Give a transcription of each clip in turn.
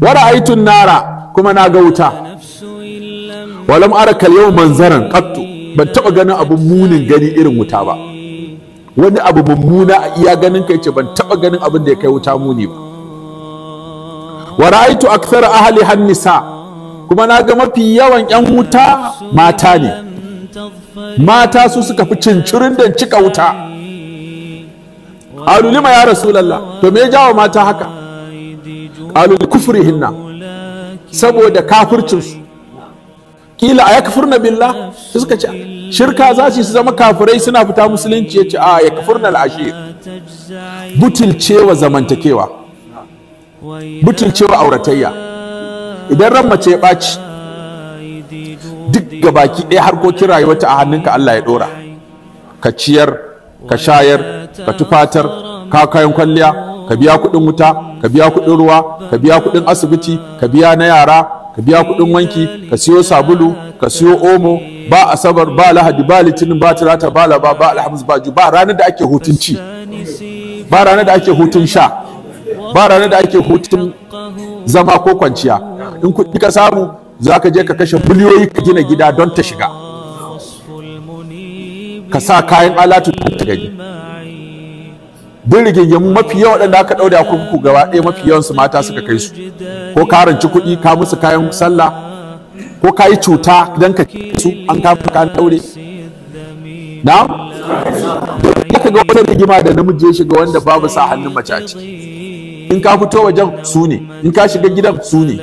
wa ra'aytun nara kuma na ga wuta walam ara yau manzaran qattu ban taba ganin abun munin gani irin wuta ba wani abu mummuna a iya ganin kai ce ban taba ganin abin da ya kai wuta muni ba wa aitu akthar ahli hannisa kuma na ga mafi yawan yan wuta mata ne mata su suka fi cincirin da cika wuta alu lima ya rasulallah to me ya jawo mata haka alul hinna saboda kafircinsu kila a na billah su suka ce shirka za su zama kafirai suna fita musulunci ya ce a yakfurna al'ashir butulcewa zamantakewa butulcewa auratayya idan ran mace ya ɓaci duk gabaki ɗaya harkokin rayuwarta a hannunka Allah ya ɗora ka ciyar ka shayar ka tufatar ka kayan kwalliya ka biya kuɗin wuta ka biya kuɗin ruwa ka biya kuɗin asibiti ka biya na yara ka biya kuɗin wanki ka siyo sabulu ka siyo omo ba asabar ba lahadi ba litinin ba talata ba laba ba alhamis ba ju ba ranar da ake hutun ci ba ranar da ake hutun sha ba ranar da ake hutun zama ko kwanciya in kuɗi ka samu za ka je ka kashe biliyoyi ka gina gida don ta shiga ka sa kayan alatu ta gani duk rigingimu mafi yawa waɗanda aka ɗaure a kurkuku gaba ɗaya mafi yawansu mata suka kai su ko ka ranci kuɗi ka musu kayan sallah ko ka yi cuta don ka su an kama ka ɗaure na ka ga wata rigima da namiji ya shiga wanda babu sa hannun mace a ciki in ka fito wajen su ne in ka shiga gidan su ne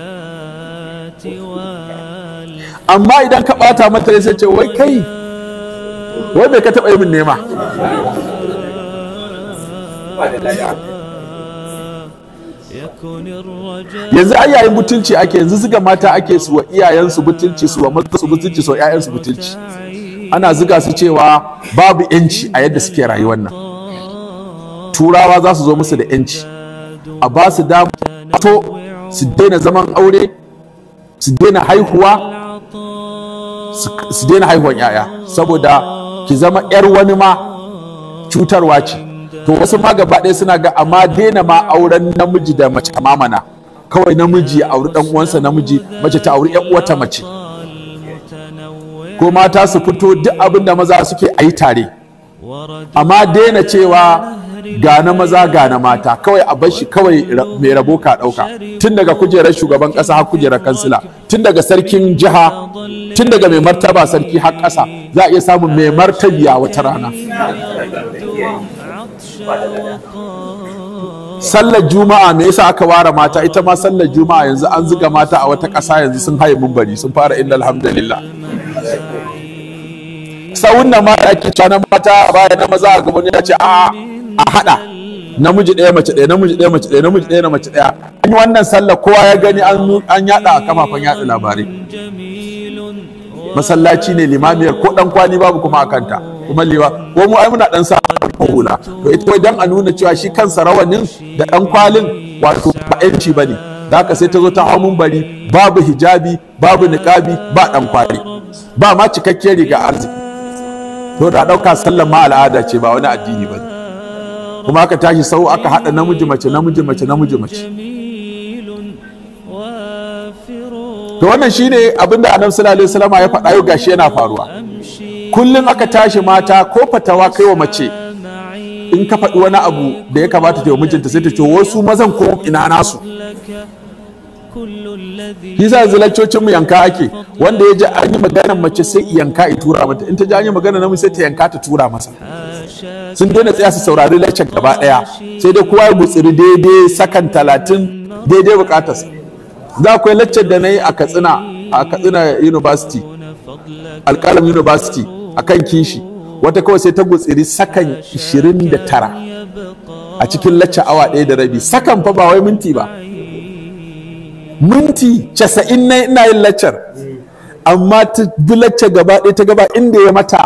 amma idan ka ɓata mata ya ce wai kai wai bai ka taɓa yi min nema yanzu an yayin mutunci ake yanzu zuga mata ake su wa iyayensu mutunci su wa su mutunci su wa ƴaƴansu mutunci ana zuga su cewa babu yanci a yadda suke rayuwar nan turawa za su zo musu da yanci a ba su damu to su daina zaman aure su daina haihuwa su daina haihuwan 'ya'ya saboda ki zama 'yar wani ma cutarwa ce to wasu ma gaba ɗaya suna ga amma daina ma auren namiji da mace mamana kawai namiji ya auri ɗan uwansa namiji mace ta auri yan uwata mace ko mata su fito duk abin da maza suke a yi tare amma daina cewa ga na maza ga mata kawai a bar shi kawai mai rabo ka ɗauka tun daga kujerar shugaban ƙasa har kujerar kansila tun daga sarkin jiha tun daga mai martaba sarki har ƙasa za a iya samun mai martabiya wata rana sallar juma'a me yasa aka ware mata ita ma sallar juma'a yanzu an zuga mata a wata ƙasa yanzu sun haye mumbari sun fara inna alhamdulillah sawun nan mata ake cewa mata a baya na maza a gaba ya ce a a hada namiji ɗaya mace ɗaya namiji ɗaya mace ɗaya namiji ɗaya na mace ɗaya an yi wannan sallar kowa ya gani an yaɗa a kafafen yaɗa labarai masallaci ne limamiyar ko ɗan kwani babu kuma a kanta Kumallewa, ko mu ai muna dan sa kula to ita wai dan a nuna cewa shi kansa rawanin da dan kwalin wato ba yanci bane da haka sai ta zo ta hau mun bari babu hijabi babu niqabi ba dan kwali ba ma cikakkiyar riga arziki to da dauka sallan ma al'ada ce ba wani addini bane kuma aka tashi sau aka hada namiji mace namiji mace namiji mace to wannan shine abinda annabi sallallahu alaihi wasallam ya faɗa yau gashi yana faruwa kullum aka tashi mata ko fatawa kai wa mace in ka faɗi wani abu da ya kamata ta yi wa mijinta sai ta ce wasu mazan ko ina nasu Yasa zilaccocinmu yanka ake wanda ya ji an yi maganar mace sai yanka ya tura mata in ta ji an yi magana namiji sai ta yanka ta tura masa sun daina tsaya su saurari laccar gaba daya sai dai kowa ya gutsiri daidai sakan talatin daidai bukatarsa za yi laccar da na yi a katsina a katsina university alkalam university akan kishi wata kawai sai ta gutsiri sakan 29 a cikin lacca awa ɗaya da rabi sakan fa ba wai minti ba minti 90 na ina yin laccar amma ta bi laccar gaba ɗaya ta gaba inda ya mata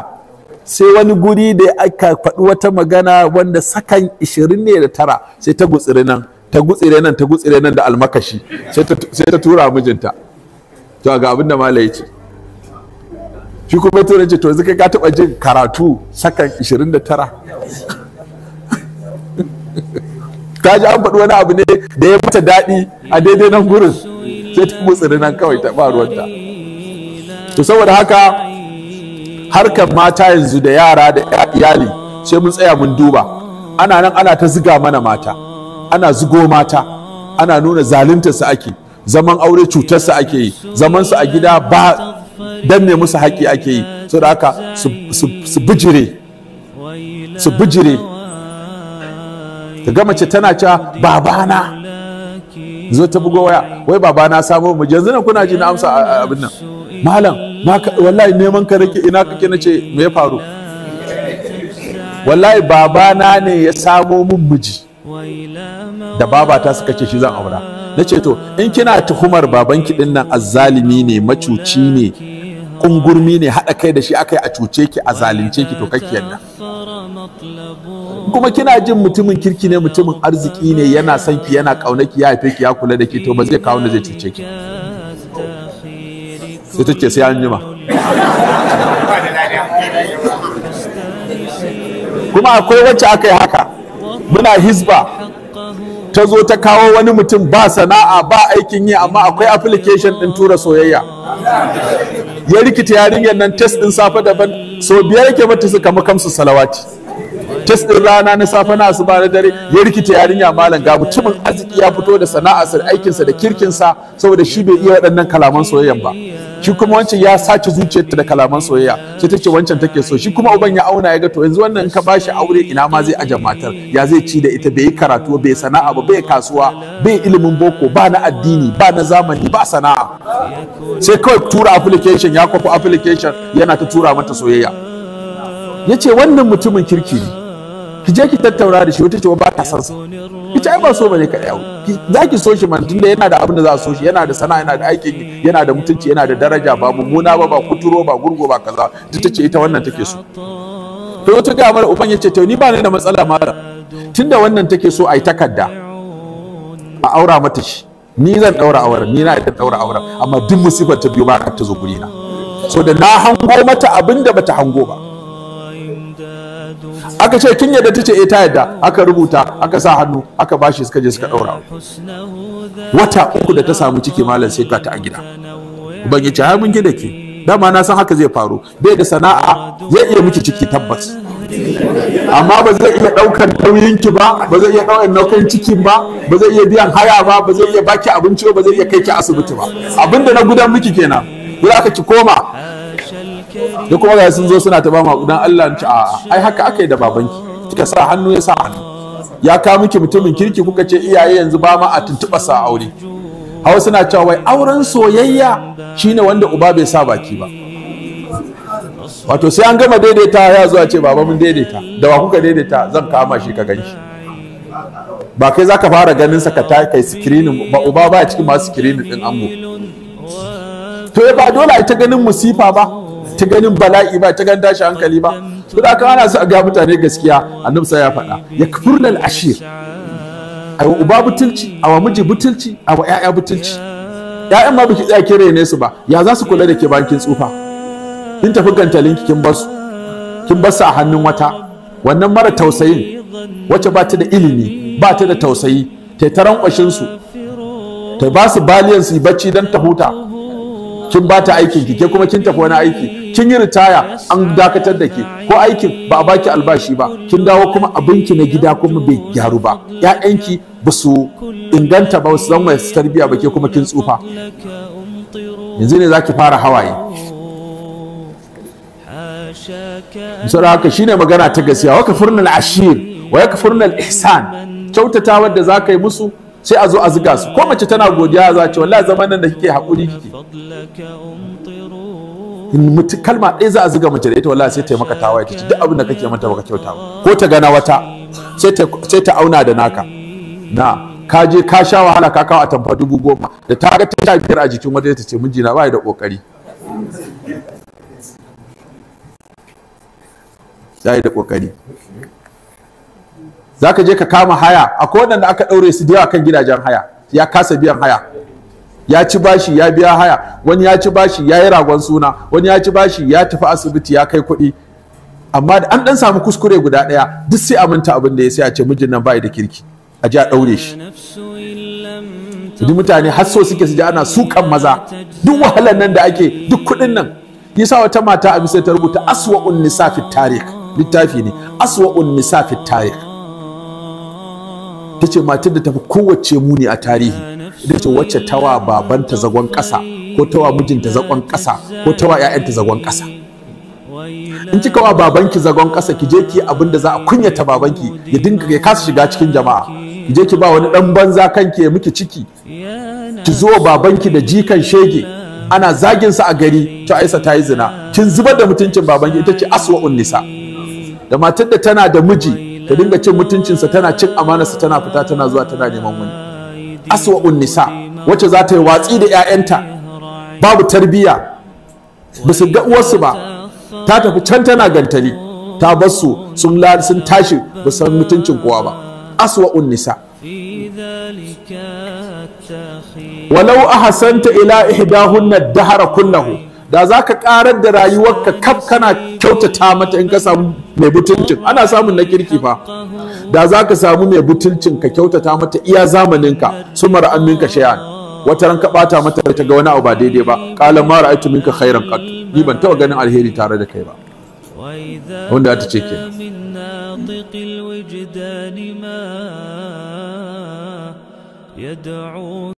sai wani guri da ya aka faɗi wata magana wanda sakan 29 da tara sai ta gutsiri nan ta gutsire nan ta gutsire nan da almakashi sai ta tura mijinta to ga abin da malai ce shi kuma ya ce to yanzu ka taɓa jin karatu sakan 29 ta ji an faɗi wani abu ne da ya mata daɗi a daidai nan gurin sai ta da nan kawai ta ruwanta to saboda haka harkar mata yanzu da yara da iyali sai mun tsaya mun duba ana nan ana ta ziga mana mata ana zigo mata ana nuna zalunta su ake zaman aure cutar su ake yi zaman su a gida ba ne musu haƙi ake yi so da haka su bijire su bijire ka ga mace tana cewa babana zo ta bugo waya wai babana samo mu yanzu nan kuna ji na amsa abin nan malam wallahi neman ka rike ina kake na ce me ya faru wallahi babana ne ya samo mun miji da baba ta suka ce shi zan aura na ce to in kina tuhumar babanki din nan azzalimi ne macuci ne kungurmi ne haɗa kai da shi aka yi a cuce ki a zalunce ki to kake yadda kuma kina jin mutumin kirki ne mutumin arziki ne yana son ki yana kauna ki ya haife ki ya kula da ki to ba zai kawo da zai cuce ki sai ta ce sai an jima kuma akwai wacce aka yi haka muna hizba ta zo ta kawo wani mutum ba sana'a ba aikin yi amma akwai application din tura soyayya ya rikita yarinyar nan test din safe daban so biyar yake mata suka makamsu salawati test din rana na safe na asuba na dare ya rikita yarinya malam ga mutumin arziki ya fito da sana'a da aikinsa da kirkinsa saboda shi bai iya waɗannan kalaman soyayyan ba shi kuma wancan ya sace zuciyarta da kalaman soyayya sai ta ce wancan take so shi kuma uban ya auna ya ga to yanzu wannan in ka bashi aure ina ma zai aje matar ya zai ci da ita bai karatu bai sana'a ba bai kasuwa bai ilimin boko ba na addini ba na zamani ba sana'a sai kawai tura application ya kwafi application yana ta tura mata soyayya ya ce wannan mutumin kirki ne ki je ki tattauna da shi wata ce ba ta san sa ita ai ba so bane ka za ki so shi man tunda yana da abin da za a so shi yana da sana'a yana da aikin yana da mutunci yana da daraja ba mummuna ba ba kuturo ba gurgo ba kaza ta ce ita wannan take so to ta ga mara uban yace to ni ba ni da matsala mara tunda wannan take so ai takarda a aura mata shi ni zan daura auren ni na da daura auren amma duk musibar ta biyo ba ta zo gurina so da na hango mata abinda bata hango ba aka ce kin yadda tace eh ta yadda aka rubuta aka sa hannu aka bashi suka je suka daura wata uku da ta samu ciki malam sai ka ta a gida ban yace har mun gida ke dama na san haka zai faru bai da sana'a zai iya miki ciki tabbas amma ba zai iya ɗaukar nauyin ki ba ba zai iya daukar nauyin cikin ba ba zai iya biyan haya ba ba zai iya baki abinci ba ba zai iya kai ki asibiti ba abinda na gudan miki kenan guda aka ki koma duk kuma ga sun zo suna ta ba mu dan Allah ci a ai haka aka yi da babanki kika sa hannu ya sa hannu ya ka miki mutumin kirki kuka ce iyaye yanzu ba ma a tuntuɓa sa aure hawa suna cewa wai auren soyayya shine wanda uba bai sa baki ba wato sai an gama daidaita ya zuwa ce baba mun daidaita da wa kuka daidaita zan kama shi ka ganshi ba kai zaka fara ganin sa ka ta kai screen ba uba ba cikin masu screen din Ambo. to ba dole a ta ganin musifa ba ta ganin bala'i ba ta ganin tashi hankali ba to da ana su ga mutane gaskiya annabi sai ya faɗa ya kafurnal ashir a uba butulci a miji butulci a wa butulci ƴaƴan ma biki tsaya kire ne su ba ya za su kula da ke bankin tsufa Kin tafi gantalin kin basu kin basu a hannun wata wannan mara tausayin wacce ba ta da ilimi ba ta da tausayi ta taran kwashin su ta ba su baliyan su bacci dan ta huta kin ba ta aikin ki ke kuma kin tafi wani aiki kin yi ritaya an dakatar da ke ko aikin ba a baki albashi ba kin dawo kuma abinki na gida kuma bai gyaru ba ƴaƴanki ba su inganta ba su zama su tarbiya ba ke kuma kin tsufa yanzu ne za ki fara hawaye misali haka shine magana ta gaskiya wa kafurnal ashir wa yakfurnal ihsan da wadda ka yi musu sai a zo a zuga su ko mace tana godiya za ce wallahi zaman nan da kike hakuri kike mutu kalma ɗaya za a zuga mace da ita wallahi sai ta maka tawaye ta ce duk abin da kake mata baka kyauta ba ko ta gana wata sai ta auna da naka na ka je ka sha wahala ka kawo a tamfa dubu goma da ta ga ta sha biyar a jikin wata ta ce mijina ba da kokari ya da kokari za ka je ka kama haya akwai da aka ɗaure su da yawa kan gidajen haya ya kasa biyan haya ya ci bashi ya biya haya wani ya ci bashi ya yi ragon suna wani ya ci bashi ya tafi asibiti ya kai kuɗi amma da an ɗan samu kuskure guda ɗaya duk sai aminta abin da ya sai a ce mijin nan bai da kirki a ji a ɗaure shi duk mutane har so suke su ji ana sukan maza duk wahalar nan da ake duk kuɗin nan yasa wata mata a bisa ta rubuta aswa'un nisa fi littafi ne aswa'un nisa fi ta ce matar da tafi kowace muni a tarihi ita ce wacce tawa babanta zagon ƙasa ko tawa mijinta zagon ƙasa ko tawa 'ya'yanta zagon kasa, in kika wa babanki zagon kasa, ki je ki abin da za a kunyata babanki ya dinga ya kasa shiga cikin jama'a ki je ki ba wani dan banza kanki ya miki ciki ki zo babanki da jikan shege ana zagin sa a gari to Aisha ta yi zina kin zubar da mutuncin babanki ita ce aswa'un nisa da matar da tana da miji Ka dinga cin mutuncinsa tana cin amanarsa tana fita tana zuwa tana neman wani Un nisa wacce za ta yi watsi da 'ya'yanta babu tarbiya? ba ga uwarsu ba ta tafi can tana gantali ta bar su sun sun tashi ba san mutuncin kowa ba Un nisa walau ahsanta ila ihdahunna dahara kullahu da za ka karar da rayuwarka kaf kana kyautata mata in ka samu mai butuncin ana samun na kirki fa da za ka samu mai butuncin ka kyautata mata iya zamaninka su mara aminka shayan wata ran ka bata mata ta ga wani abu ba daidai ba kala ma ra'aytu minka khairan qat ni ban taba ganin alheri tare da kai ba wanda ta ce ke يدعو